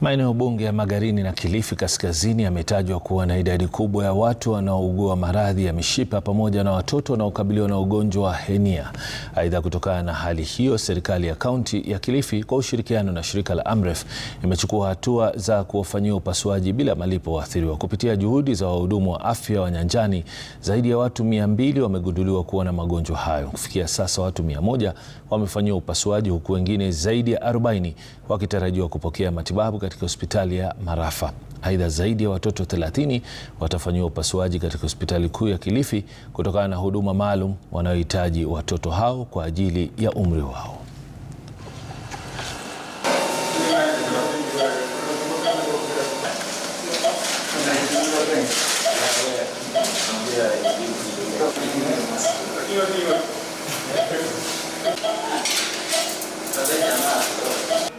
Maeneo bunge ya Magarini na Kilifi Kaskazini yametajwa kuwa na idadi kubwa ya watu wanaougua maradhi ya mishipa pamoja na watoto wanaokabiliwa na ugonjwa wa henia. Aidha, kutokana na hali hiyo, serikali ya kaunti ya Kilifi kwa ushirikiano na shirika la Amref imechukua hatua za kuwafanyia upasuaji bila malipo waathiriwa. Kupitia juhudi za wahudumu wa afya wa nyanjani, zaidi ya watu mia mbili wamegunduliwa kuwa na magonjwa hayo. Kufikia sasa, watu mia moja wamefanyiwa upasuaji huku wengine zaidi ya 40 wakitarajiwa kupokea matibabu katika hospitali ya Marafa. Aidha, zaidi ya watoto 30 watafanyiwa upasuaji katika hospitali kuu ya Kilifi kutokana na huduma maalum wanayohitaji watoto hao kwa ajili ya umri wao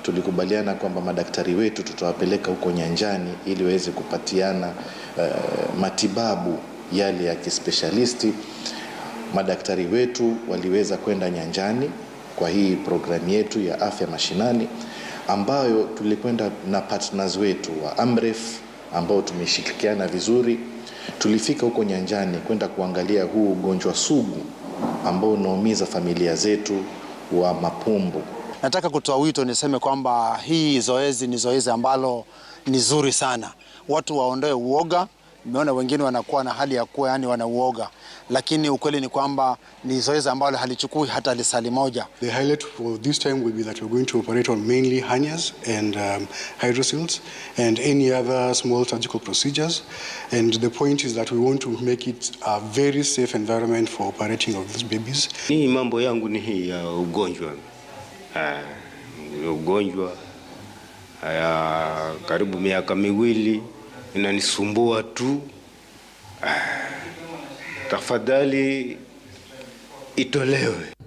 tulikubaliana kwamba madaktari wetu tutawapeleka huko nyanjani ili waweze kupatiana uh, matibabu yale ya kispeshalisti. Madaktari wetu waliweza kwenda nyanjani kwa hii programu yetu ya afya mashinani, ambayo tulikwenda na partners wetu wa Amref ambao tumeshirikiana vizuri. Tulifika huko nyanjani kwenda kuangalia huu ugonjwa sugu ambao unaumiza familia zetu wa mapumbu. Nataka kutoa wito niseme kwamba hii zoezi ni zoezi ambalo ni zuri sana, watu waondoe uoga. Nimeona wengine wanakuwa na hali ya kuwa yani wanauoga, lakini ukweli ni kwamba ni zoezi ambalo halichukui hata lisali moja. The highlight for this time will be that we're going to operate on mainly hernias and um, hydrocele and any other small surgical procedures and the point is that we want to make it a very safe environment for operating of these babies. Hii mambo yangu ni hii ya uh, ugonjwa Eh, ugonjwa ya karibu miaka miwili inanisumbua tu. Eh, tafadhali itolewe.